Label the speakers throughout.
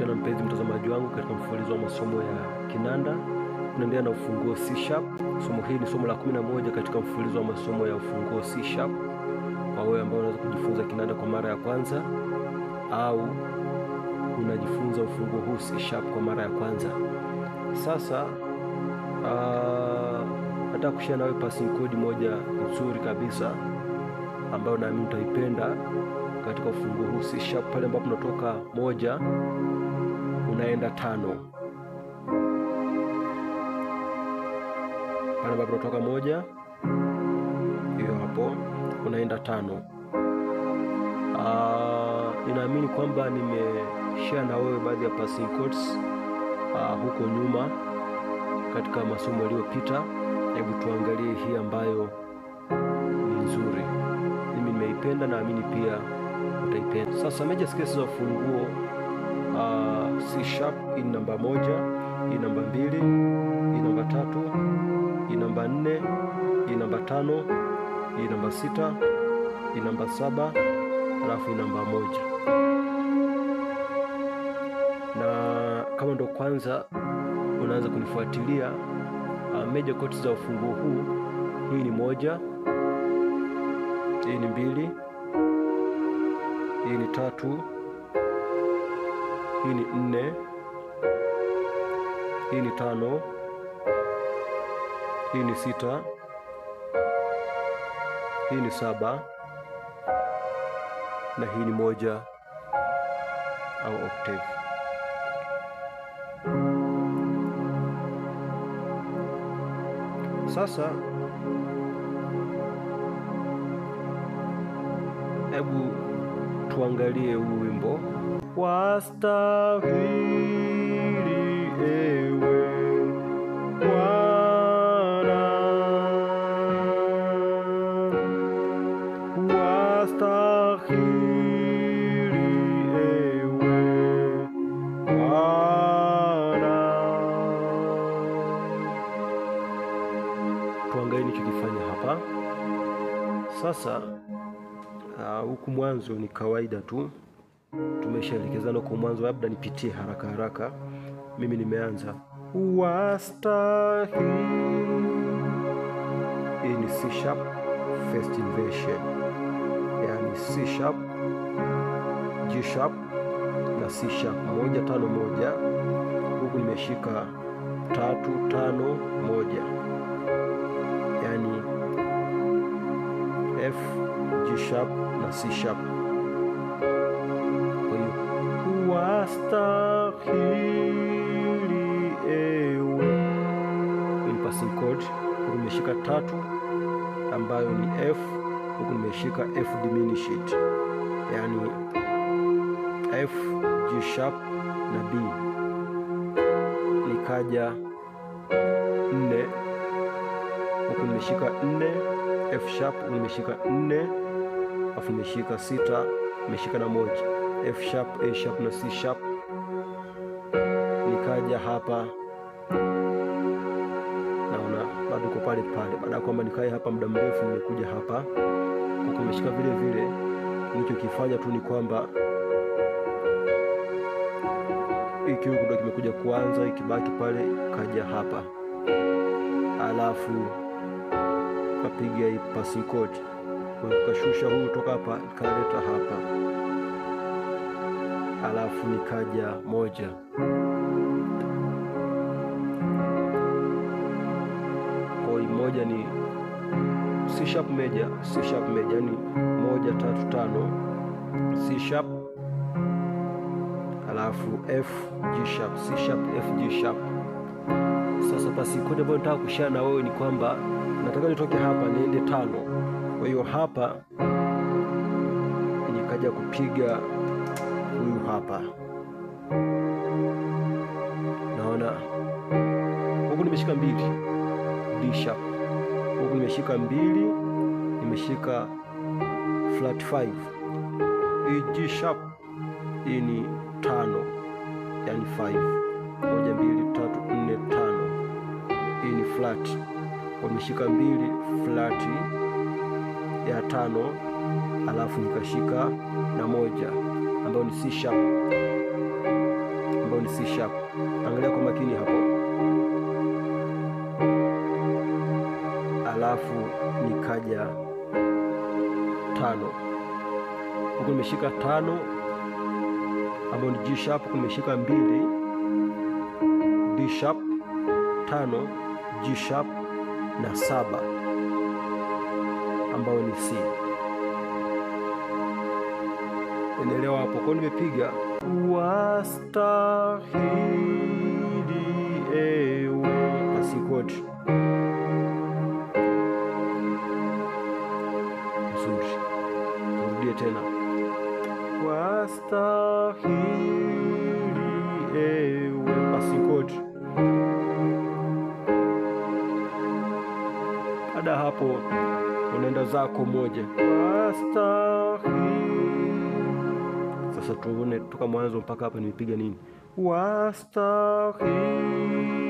Speaker 1: tena mpenzi mtazamaji wangu katika mfululizo wa masomo ya kinanda. Tunaendelea na ufunguo C sharp. Somo hili ni somo la moja katika mfululizo wa masomo ya ufunguo C sharp. Kwa wewe ambao unaweza kujifunza kinanda kwa mara ya kwanza au unajifunza ufunguo huu C sharp kwa mara ya kwanza, sasa ah, nataka kushare nawe passing code moja nzuri kabisa ambayo naamini utaipenda katika ufunguo huu C sharp pale ambapo unatoka moja unaenda tano, pale ambapo unatoka moja hiyo hapo unaenda tano. Ah, ninaamini kwamba nimeshare na wewe baadhi ya passing chords ah, huko nyuma katika masomo yaliyopita. Hebu tuangalie hii ambayo ni nzuri, mimi nimeipenda, naamini pia utaipenda. Sasa major scales za ufunguo uh, ah, C sharp in namba moja, in namba mbili, in namba tatu, in namba nne, in namba tano, in namba sita, in namba saba, alafu in namba moja. Na kama ndo kwanza unaanza kunifuatilia uh, ah, major chords za ufunguo huu, hii ni moja, hii ni mbili hii ni tatu, hii ni nne, hii ni tano, hii ni sita, hii ni saba na hii ni moja au octave. Sasa hebu tuangalie huu wimbo
Speaker 2: wastahili ewe Bwana, wastahili ewe Bwana.
Speaker 1: Tuangalie nichokifanya hapa sasa. Ah, huku uh, mwanzo ni kawaida tu, tumeshaelekezana kwa mwanzo, labda nipitie haraka haraka. Mimi nimeanza wastahi, hii ni C sharp first inversion, yani C sharp, G sharp na C sharp moja tano moja, huku nimeshika tatu tano moja, yani F sharp na C sharp.
Speaker 2: Kwa hiyo wastahili ewe,
Speaker 1: in passing chord nimeshika tatu ambayo ni F, huku nimeshika F diminished, yani F G sharp na B, nikaja nne huku nimeshika nne F sharp nimeshika nne alafu imeshika sita, imeshika na moja F sharp, A sharp na C sharp, nikaja hapa naona bado iko pale pale. Baada ya kwamba nikae hapa muda mrefu, nimekuja hapa kuko imeshika vile vile. Nilichokifanya tu ni kwamba iki huku ndo kimekuja kuanza, ikibaki pale kaja hapa alafu kapiga passing chord ukashusha huyu toka hapa nikaleta hapa, alafu nikaja moja koi moja ni C sharp meja, C sharp meja ni moja tatu tano C sharp alafu F G sharp, C sharp F G sharp. Sasa basi kodi ambayo nataka kushare na wewe ni kwamba nataka nitoke hapa niende tano kwa hiyo hapa nikaja kupiga huyu hapa, naona huku nimeshika mbili D sharp, huku nimeshika mbili, nimeshika flat 5. Hii G sharp hii ni tano, yani 5 moja mbili tatu nne tano. Hii ni flat, nimeshika mbili flati ya tano alafu nikashika na moja ambayo ni C sharp, ambayo ni C sharp. Angalia kwa makini hapo, alafu nikaja tano, huku nimeshika tano ambayo ni G sharp, huku nimeshika mbili, D sharp, tano, G sharp na saba ambayo ni C. Enelewa hapo kwao, nimepiga
Speaker 2: wastahili ewe
Speaker 1: asikoti mzuri. Turudie tena
Speaker 2: wastahili ewe
Speaker 1: asikoti baada hapo unaenda zako moja. Sasa tuone toka mwanzo mpaka hapa nimepiga nini?
Speaker 2: Wastahili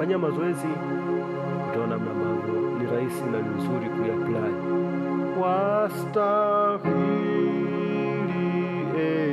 Speaker 1: Fanya mazoezi, utaona mambo ni rahisi na ni nzuri kuyaplai.
Speaker 2: Wastahili eh.